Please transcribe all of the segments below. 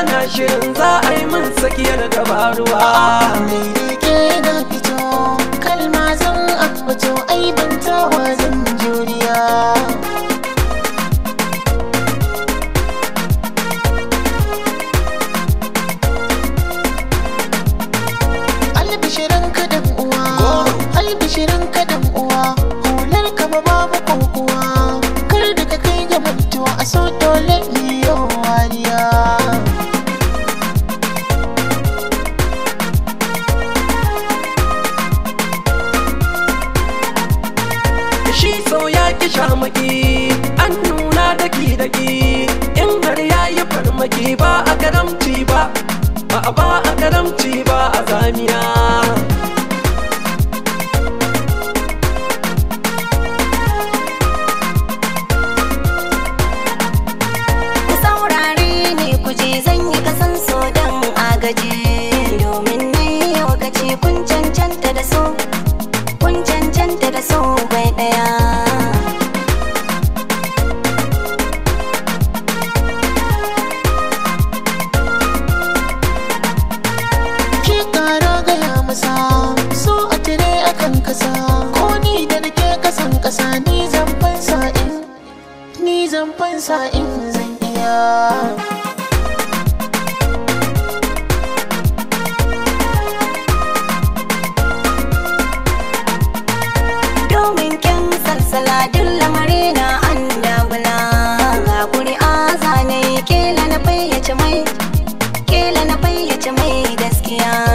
ana shirin za a yi min sakiyar dabaruwa. da so ya ki shamaki an nuna daki daki in har ya yi farmaki ba a karamci ba ba a ba a karamci ba a zamiya gaji sa in zan iya domin kyan salsala din lamari na an damuna ga kuri a zane kela na bayyace mai kela na bayyace mai gaskiya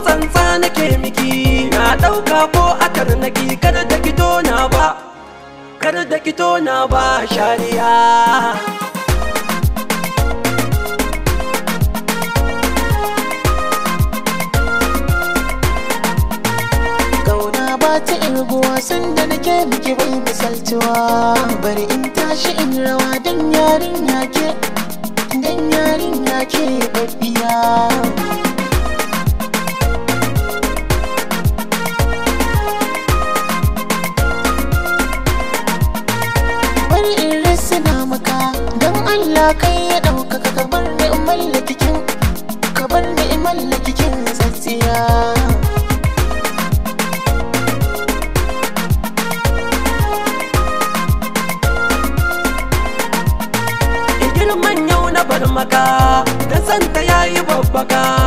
tsantsa nake miki na ɗauka ko akar karnaki kada da kito na ba kada da kito na ba shari'a ta irguwa sanda nake miki bai misaltuwa bari in tashi in rawa dan yarin yake dan yarin yake babbiya Allah kai ya ɗauka ka bar ni in mallakikin ka bar ni in mallakikin tsatsiya girman yau na bar maka da santa yayi babbaka